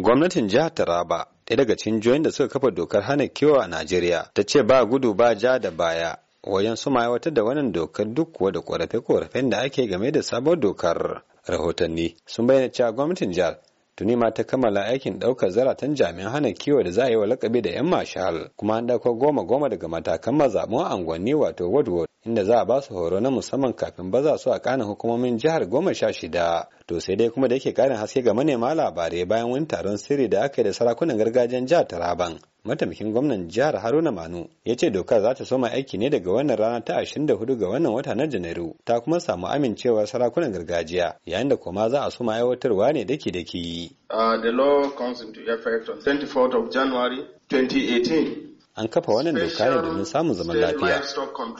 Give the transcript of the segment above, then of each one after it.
gwamnatin jihar taraba ɗaya daga cikin joyin da suka kafa dokar hana kiwo a najeriya ta ce ba gudu ba ja da baya wajen su wata da wannan dokar duk kuwa da korafe-korafen da ake game da sabon dokar rahotanni sun bayyana cewa gwamnatin jihar tuni ma ta kammala aikin ɗaukar zaratan jami'an hana kiwo da za a yi wa lakabi da yan mashal kuma an ɗauko goma goma daga matakan mazaɓun unguwanni wato wadwod inda za a ba su horo na musamman kafin baza su a kanin hukumomin jihar goma sha shida to sai dai kuma da yake karin haske ga manema labarai bayan wani taron sirri da aka yi da sarakunan gargajiyar jihar taraban mataimakin gwamnan jihar haruna manu ya ce dokar za ta soma aiki ne daga wannan rana ta 24 ga wannan wata na janairu ta kuma samu amincewa sarakunan gargajiya yayin da kuma za a soma aiwatarwa ne daki daki uh, the law comes into effect on 24th of january 2018 an kafa wannan doka ne domin samun zaman lafiya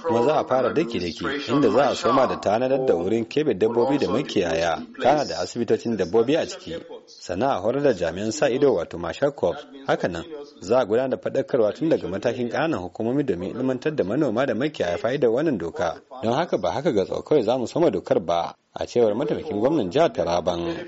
kuma za a fara daki daki inda za a soma da tanadar da wurin kebe dabbobi da makiyaya kana da asibitocin dabbobi a ciki sannan a horar da jami'an sa ido wato marshal Haka hakanan za a gudanar da fadakarwa tun daga matakin kananan hukumomi domin ilmantar da manoma da makiyaya fa'idar wannan doka don haka ba haka ga tsokawai za mu soma dokar ba a cewar mataimakin gwamnan jihar taraban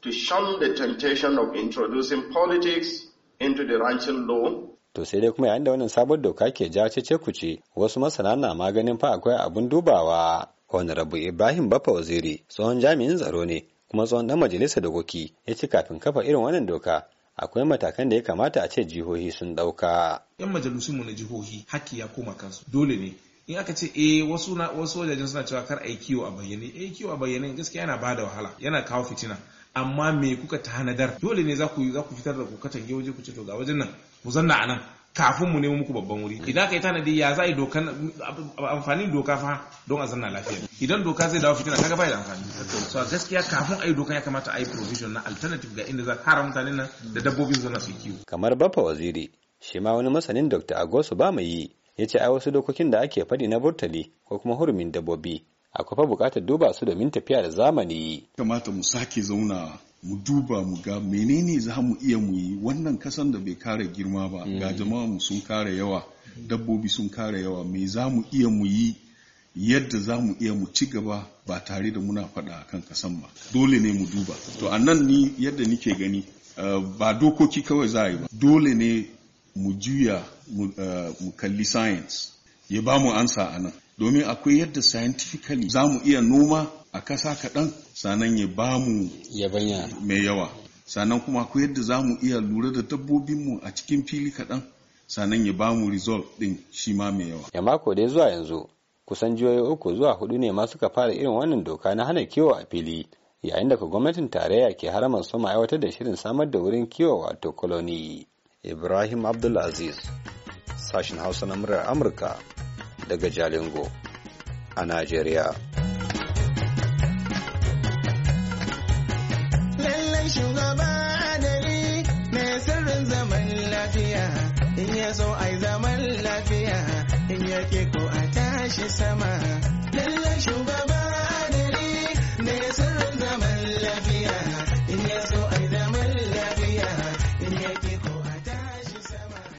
to shun the temptation of introducing politics into the ranching law to sai dai kuma yayin da wannan sabon doka ke ja ce kuce wasu masana na maganin fa akwai abun dubawa rabu ibrahim bafa waziri tsohon jami'in tsaro ne kuma tsohon Majalisa da goki ya ci kafin kafa irin wannan doka akwai matakan da ya kamata a ce jihohi sun ɗauka. yan majalisun mu na jihohi haki ya koma kansu dole ne in aka ce eh wasu na wasu wajajen suna cewa kar a yi kiwo a bayyane eh kiwo a bayyane gaskiya yana bada wahala yana kawo fitina amma me kuka tanadar dole ne za ku za ku fitar da ku katange waje ku ce to ga wajen nan ku zanna a nan kafin mu nemo muku babban wuri idan ka yi tanadi ya za a yi dokan amfanin doka fa don a zanna lafiya idan doka zai dawo fitina kaga bai da amfani so gaskiya kafin a yi doka ya kamata a yi provision na alternative ga inda za a kara mutane nan da dabbobin zana su kiwo kamar bafa waziri shi ma wani masanin dr agosu ba mai yi ya ce ai wasu dokokin da ake faɗi na burtali ko kuma hurumin dabbobi akwai fa bukatar duba su domin tafiya da zamani kamata mu sake zauna mu duba mu ga menene za mu iya mu yi wannan kasan da bai kare girma ba mm. ga jama'a mu sun kare yawa dabbobi sun kare yawa me za mu iya mu yi yadda za mu iya mu ci gaba ba tare da muna faɗa a kan kasan ba dole ne mu duba to a nan ni yadda nike gani eh, ba dokoki kawai za a yi ba dole ne mu juya mu eh, kalli science ya ba mu ansa a nan domin akwai yadda scientifically za mu iya noma a kasa kaɗan sannan ya ba mu mai yawa sannan kuma akwai yadda za mu iya lura da dabbobinmu a cikin fili kaɗan sannan ya ba mu result ɗin shi ma mai yawa ya mako dai zuwa yanzu kusan jiyoyi uku zuwa hudu ne ma suka fara irin wannan doka na hana kiwo a fili yayin da gwamnatin tarayya ke haraman sama aiwatar da shirin samar da wurin kiwo wato koloni ibrahim abdulaziz sashen hausa na murar amurka daga Jalingo a Najeriya. Lallai shugaba adali mai sirrin zaman lafiya, in ya so ai zaman lafiya, in ya ke ko a tashi sama.